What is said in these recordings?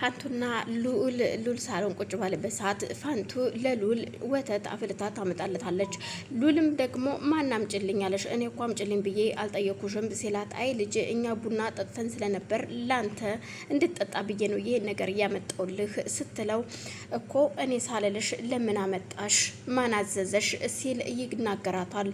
ፋንቱና ልዑል ሉል ሳሎን ቁጭ ባለበት ሰዓት ፋንቱ ለሉል ወተት አፍልታ ታመጣለታለች። ሉልም ደግሞ ማን አምጪልኝ አለሽ? እኔ እኮ አምጪልኝ ብዬ አልጠየኩሽም ሲላት፣ አይ ልጅ እኛ ቡና ጠጥተን ስለነበር ላንተ እንድትጠጣ ብዬ ነው ይሄን ነገር እያመጣውልህ ስትለው፣ እኮ እኔ ሳለልሽ ለምን አመጣሽ? ማን አዘዘሽ? ሲል ይናገራታል።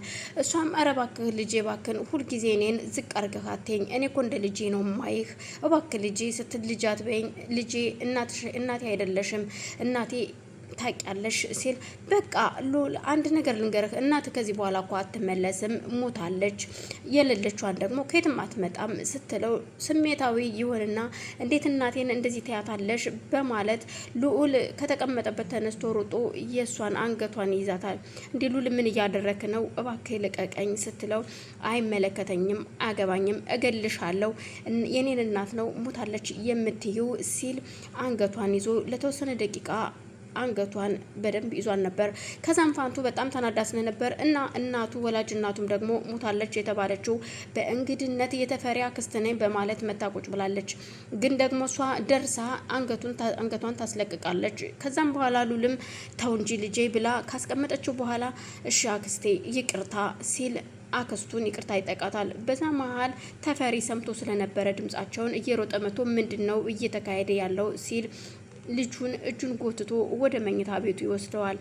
እሷም ኧረ እባክህ ልጄ እባክህን ሁልጊዜ እኔን ዝቅ አርገካቴኝ እኔ እኮ እንደ ልጄ ነው ማይህ። እባክህ ልጄ ስትል ልጃት በይኝ ልጄ እንጂ እናቴ አይደለሽም እናቴ ታውቂያለሽ ሲል በቃ ሉል አንድ ነገር ልንገርህ፣ እናት ከዚህ በኋላ እኮ አትመለስም፣ ሞታለች፣ የሌለቿን ደግሞ ከየትም አትመጣም ስትለው ስሜታዊ ይሆንና እንዴት እናቴን እንደዚህ ትያታለሽ በማለት ልዑል ከተቀመጠበት ተነስቶ ሮጦ የእሷን አንገቷን ይይዛታል። እንዲ ሉል ምን እያደረክ ነው? እባክህ ልቀቀኝ ስትለው አይመለከተኝም፣ አያገባኝም፣ እገልሻለሁ፣ የኔን እናት ነው ሞታለች የምትይው ሲል አንገቷን ይዞ ለተወሰነ ደቂቃ አንገቷን በደንብ ይዟን ነበር። ከዛም ፋንቱ በጣም ተናዳ ስለነበር እና እናቱ ወላጅ እናቱም ደግሞ ሞታለች የተባለችው በእንግድነት የተፈሪ አክስት ነኝ በማለት መታቆጭ ብላለች። ግን ደግሞ እሷ ደርሳ አንገቷን ታስለቅቃለች። ከዛም በኋላ ሉልም ተው እንጂ ልጄ ብላ ካስቀመጠችው በኋላ እሺ አክስቴ ይቅርታ ሲል አክስቱን ይቅርታ ይጠቃታል። በዛ መሀል ተፈሪ ሰምቶ ስለነበረ ድምጻቸውን እየሮጠ መቶ ምንድን ነው እየተካሄደ ያለው ሲል ልጁን እጁን ጎትቶ ወደ መኝታ ቤቱ ይወስደዋል።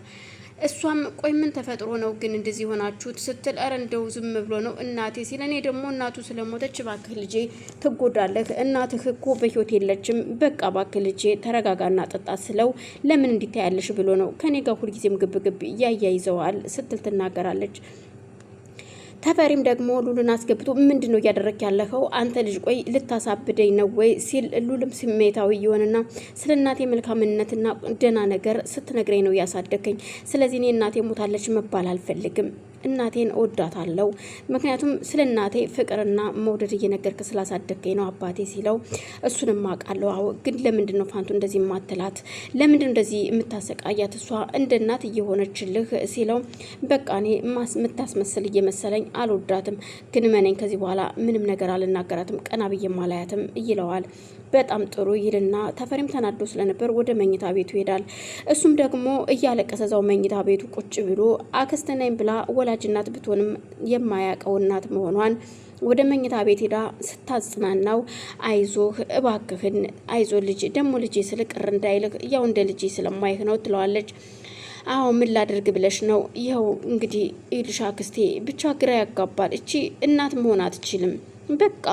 እሷም ቆይ ምን ተፈጥሮ ነው ግን እንደዚህ የሆናችሁት ስትል ኧረ እንደው ዝም ብሎ ነው እናቴ ሲል እኔ ደግሞ እናቱ ስለሞተች እባክህ ልጄ ትጎዳለህ፣ እናትህ እኮ በህይወት የለችም፣ በቃ እባክህ ልጄ ተረጋጋና ጠጣ ስለው ለምን እንዲታያለሽ ብሎ ነው ከኔ ጋር ሁልጊዜም ግብግብ እያያይዘዋል ስትል ትናገራለች። ተፈሪም ደግሞ ሉልን አስገብቶ ምንድን ነው እያደረግ ያለኸው አንተ ልጅ፣ ቆይ ልታሳብደኝ ነው ወይ ሲል ሉልም ስሜታዊ የሆነና ስለ እናቴ መልካምነትና ደህና ነገር ስትነግረኝ ነው እያሳደገኝ። ስለዚህ እኔ እናቴ ሞታለች መባል አልፈልግም እናቴን እወዳታለሁ፣ ምክንያቱም ስለ እናቴ ፍቅርና መውደድ እየነገርክ ስላሳደግከኝ ነው አባቴ ሲለው እሱንም አውቃለሁ። አዎ፣ ግን ለምንድን ነው ፋንቱ እንደዚህ የማትላት? ለምንድን እንደዚህ የምታሰቃያት? እሷ እንደ እናት እየሆነችልህ ሲለው በቃ እኔ የምታስመስል እየመሰለኝ አልወዳትም፣ ግን መነኝ ከዚህ በኋላ ምንም ነገር አልናገራትም፣ ቀና ብዬ ማላያትም ይለዋል። በጣም ጥሩ ይልና ተፈሪም ተናዶ ስለነበር ወደ መኝታ ቤቱ ይሄዳል። እሱም ደግሞ እያለቀሰ እዛው መኝታ ቤቱ ቁጭ ብሎ አክስቴ ነኝ ብላ ወላ ወላጅ እናት ብትሆንም የማያውቀው እናት መሆኗን ወደ መኝታ ቤት ሄዳ ስታጽናናው አይዞህ እባክህን አይዞ ልጅ ደግሞ ልጅ ስል ቅር እንዳይልህ ያው እንደ ልጅ ስለማይህ ነው ትለዋለች። አዎ ምን ላደርግ ብለሽ ነው? ይኸው እንግዲህ ይልሻ ክስቴ ብቻ ግራ ያጋባል። እቺ እናት መሆን አትችልም። በቃ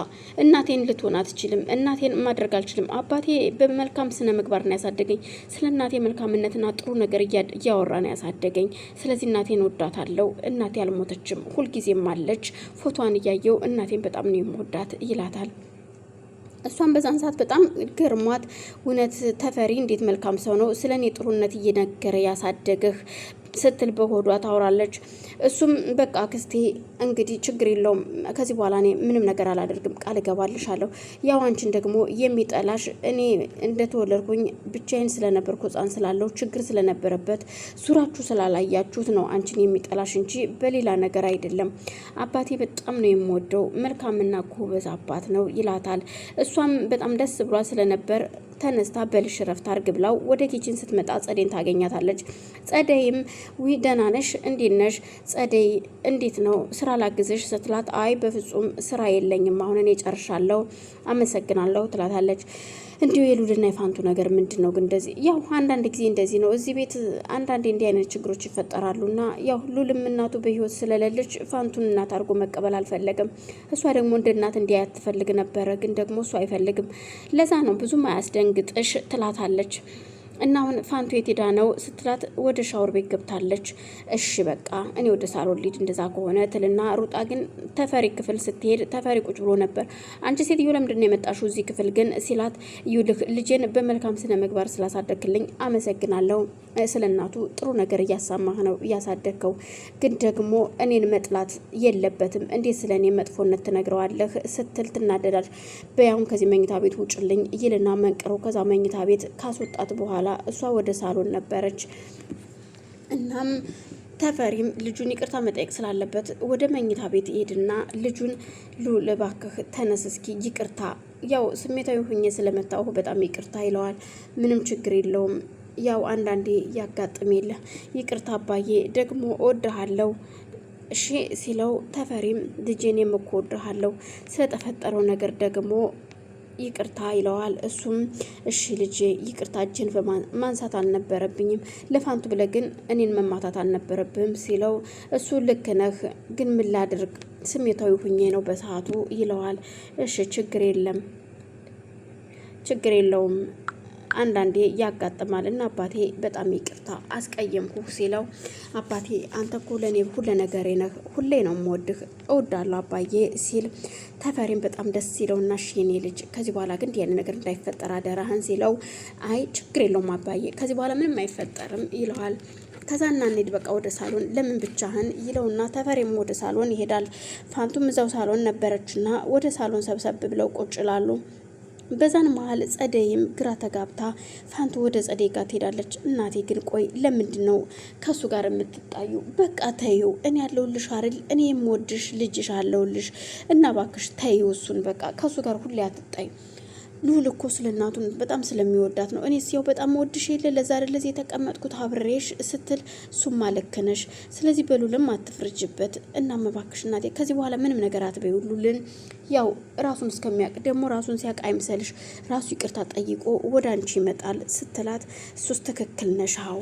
እናቴን ልትሆን አትችልም። እናቴን ማድረግ አልችልም። አባቴ በመልካም ስነ ምግባር ነው ያሳደገኝ። ስለ እናቴ መልካምነትና ጥሩ ነገር እያወራ ነው ያሳደገኝ። ስለዚህ እናቴን አለው እናቴ አልሞተችም፣ ሁልጊዜም አለች። ፎቷን እያየው እናቴን በጣም ነው የምወዳት ይላታል። እሷን በዛን ሰዓት በጣም ግርሟት፣ እውነት ተፈሪ እንዴት መልካም ሰው ነው፣ ስለ እኔ ጥሩነት እየነገረ ያሳደገህ ስትል በሆዷ ታወራለች። እሱም በቃ ክስቴ እንግዲህ ችግር የለውም ከዚህ በኋላ እኔ ምንም ነገር አላደርግም ቃል እገባልሻለሁ። ያው አንቺን ደግሞ የሚጠላሽ እኔ እንደተወለድኩኝ ብቻዬን ስለነበርኩ ሕፃን ስላለው ችግር ስለነበረበት ዙራችሁ ስላላያችሁት ነው አንቺን የሚጠላሽ እንጂ በሌላ ነገር አይደለም። አባቴ በጣም ነው የምወደው መልካምና ጎበዝ አባት ነው ይላታል። እሷም በጣም ደስ ብሏ ስለነበር ተነስታ በልሽ ረፍት አርግ ብላው ወደ ኪችን ስትመጣ ጸደይን ታገኛታለች። ጸደይም ዊ ደህና ነሽ? እንዴት ነሽ? ጸደይ እንዴት ነው ስራ ላግዝሽ ስትላት አይ በፍጹም ስራ የለኝም አሁን እኔ ጨርሻለሁ አመሰግናለሁ ትላታለች። እንዲሁ የሉልና የፋንቱ ነገር ምንድን ነው ግን? እንደዚህ ያው አንዳንድ ጊዜ እንደዚህ ነው። እዚህ ቤት አንዳንድ እንዲህ አይነት ችግሮች ይፈጠራሉ። እና ያው ሉልም እናቱ በህይወት ስለሌለች ፋንቱን እናት አድርጎ መቀበል አልፈለገም። እሷ ደግሞ እንደ እናት እንዲያያት ትፈልግ ነበረ፣ ግን ደግሞ እሱ አይፈልግም። ለዛ ነው ብዙም አያስደንግጥሽ ትላታለች። እና አሁን ፋንቱ የት ሄዳ ነው ስትላት ወደ ሻወር ቤት ገብታለች። እሺ በቃ እኔ ወደ ሳሎን ልሂድ እንደዛ ከሆነ ትልና ሩጣ ግን ተፈሪ ክፍል ስትሄድ ተፈሪ ቁጭ ብሎ ነበር። አንቺ ሴትዮ ለምንድን ነው የመጣሽው እዚህ ክፍል ግን ሲላት ልጄን በመልካም ስነ ምግባር ስላሳደግልኝ አመሰግናለሁ። ስለ እናቱ ጥሩ ነገር እያሰማህ ነው እያሳደግከው፣ ግን ደግሞ እኔን መጥላት የለበትም እንዴት ስለ እኔ መጥፎነት ትነግረዋለህ? ስትል ትናደዳል። በያሁን ከዚህ መኝታ ቤት ውጭልኝ ይልና መንቅረው ከዛ መኝታ ቤት ካስወጣት በኋላ በኋላ እሷ ወደ ሳሎን ነበረች። እናም ተፈሪም ልጁን ይቅርታ መጠየቅ ስላለበት ወደ መኝታ ቤት ይሄድና ልጁን ሉል እባክህ ተነስ እስኪ ይቅርታ፣ ያው ስሜታዊ ሁኜ ስለመታሁ በጣም ይቅርታ ይለዋል። ምንም ችግር የለውም ያው አንዳንዴ ያጋጥም የለ ይቅርታ አባዬ፣ ደግሞ እወድሃለሁ እሺ ሲለው ተፈሪም ልጄን የምኮወድሃለሁ ስለተፈጠረው ነገር ደግሞ ይቅርታ ይለዋል። እሱም እሺ ልጄ ይቅርታ፣ እጅን ማንሳት አልነበረብኝም፣ ለፋንቱ ብለህ ግን እኔን መማታት አልነበረብህም ሲለው እሱ ልክ ነህ፣ ግን ምን ላድርግ ስሜታዊ ሁኜ ነው በሰዓቱ ይለዋል። እሺ ችግር የለም ችግር የለውም አንዳንዴ ያጋጥማል እና አባቴ በጣም ይቅርታ አስቀየምኩ ሲለው አባቴ አንተ እኮ ለእኔ ሁለ ነገሬ ነህ፣ ሁሌ ነው የምወድህ፣ እወዳለሁ አባዬ ሲል ተፈሪን በጣም ደስ ሲለውና እና ሽኔ ልጅ ከዚህ በኋላ ግን ያን ነገር እንዳይፈጠር አደራህን ሲለው አይ ችግር የለውም አባዬ ከዚህ በኋላ ምንም አይፈጠርም ይለዋል። ከዛ ና እንሂድ በቃ ወደ ሳሎን ለምን ብቻህን ይለውና ተፈሬም ወደ ሳሎን ይሄዳል። ፋንቱም እዛው ሳሎን ነበረችና ወደ ሳሎን ሰብሰብ ብለው ቁጭ በዛን መሀል ጸደይም ግራ ተጋብታ ፋንቱ ወደ ጸደይ ጋር ትሄዳለች። እናቴ ግን ቆይ ለምንድን ነው ከሱ ጋር የምትጣዩ? በቃ ተይው፣ እኔ ያለሁልሽ አይደል? እኔ የምወድሽ ልጅሽ አለሁልሽ እና ባክሽ ተይው እሱን በቃ ከሱ ጋር ሁሌ አትጣይ ልዑል እኮ ስለ እናቱ በጣም ስለሚወዳት ነው። እኔ ሲያው በጣም ወድሽ የለ ለዛ ለዚህ የተቀመጥኩት አብሬሽ ስትል እሱማ ልክ ስለዚህ በሉልም አትፍርጅበት እና መባክሽ እናቴ ከዚህ በኋላ ምንም ነገር አትበይ። ሉልን ያው ራሱን እስከሚያውቅ ደግሞ ራሱን ሲያውቅ አይምሰልሽ፣ ራሱ ይቅርታ ጠይቆ ወደ አንቺ ይመጣል ስትላት እሱስ ትክክል ነሽ አዎ